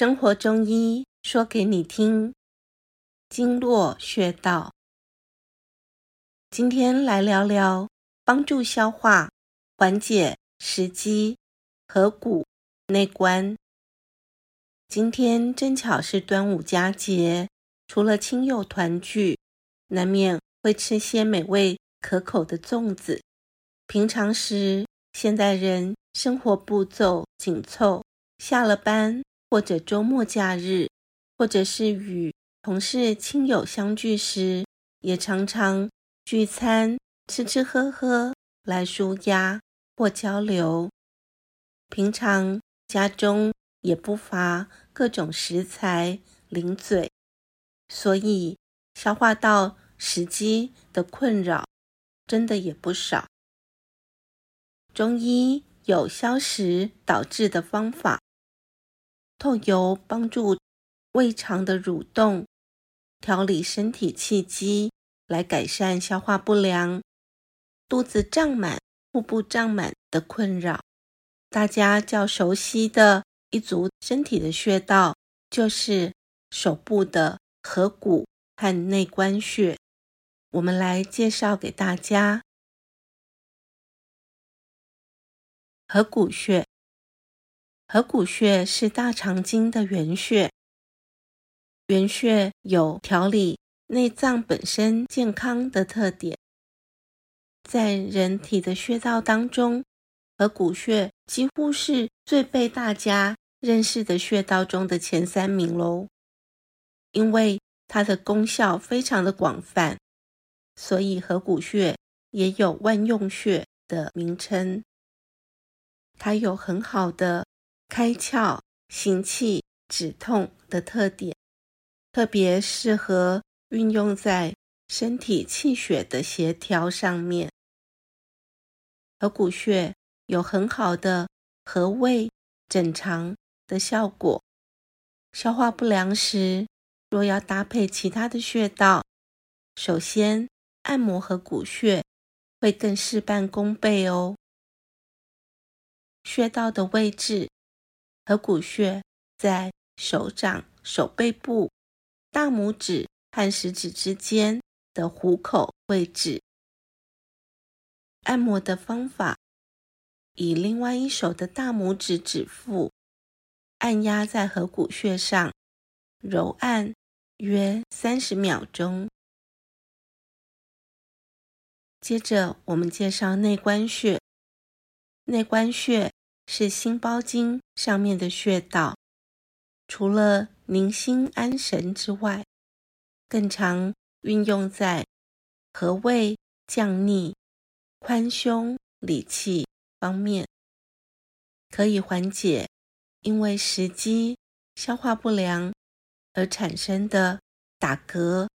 生活中醫說給你聽，經絡穴道。今天來聊聊幫助消化、緩解食積、合谷、內關。今天正巧是端午佳節，除了親友團聚，難免會吃些美味可口的粽子。平常時，現代人生活步驟緊湊，下了班。或者週末假日，或者是與同事、親友相聚時，也常常聚餐，吃吃喝喝來舒壓或交流。平常家中也不乏各種食材零嘴，所以消化道食積的困擾真的也不少。中醫有消食導滯的方法。透由幫助胃腸的蠕動，調理身體氣機，來改善消化不良、肚子脹滿、腹部脹滿的困擾。大家較熟悉的，一組身體的穴道，就是手部的合谷和內關穴。我們來介紹給大家，合谷穴。合谷穴是大腸經的原穴，原穴有調理內臟本身健康的特點。在人體的穴道當中，合谷穴幾乎是最被大家認識的穴道中的前三名嘍。因為它的功效非常的廣泛，所以合谷穴也有萬用穴的名稱。它有很好的。開竅行氣止痛的特點，特別適合運用在身體氣血的協調上面。合谷穴有很好的和胃整腸的效果。消化不良時，若要搭配其他的穴道，首先按摩合谷穴會更事半功倍哦。穴道的位置。合谷穴在手掌手背部，大拇指和食指之間的虎口位置。按摩的方法，以另外一手的大拇指指腹按壓在合谷穴上，揉按約三十秒鐘。接着，我們介紹內關穴。內關穴，是心包經上面的穴道，除了寧心安神之外，更常運用在和胃降逆、寬胸理氣方面，可以緩解因為食積、消化不良而產生的打嗝、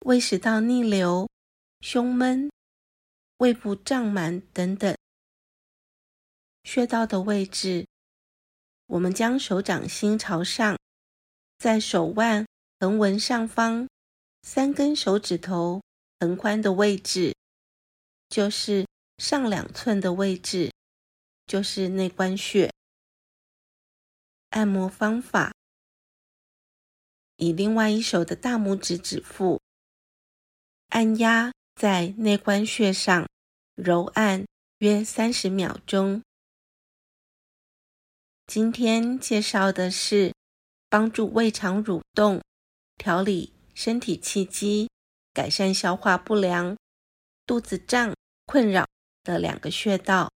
胃食道逆流、胸悶、胃部脹滿等等。穴道的位置，我們將手掌心朝上，在手腕橫紋上方三根手指頭橫寬的位置，就是上兩寸的位置，就是內關穴。按摩方法：以另外一手的大拇指指腹按壓在內關穴上，揉按約三十秒鐘。今天介紹的是幫助胃腸蠕動、調理身體氣機、改善消化不良、肚子脹困擾的兩個穴道：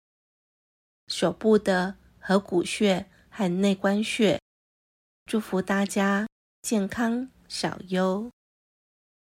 手部的合谷穴和內關穴。祝福大家健康少憂。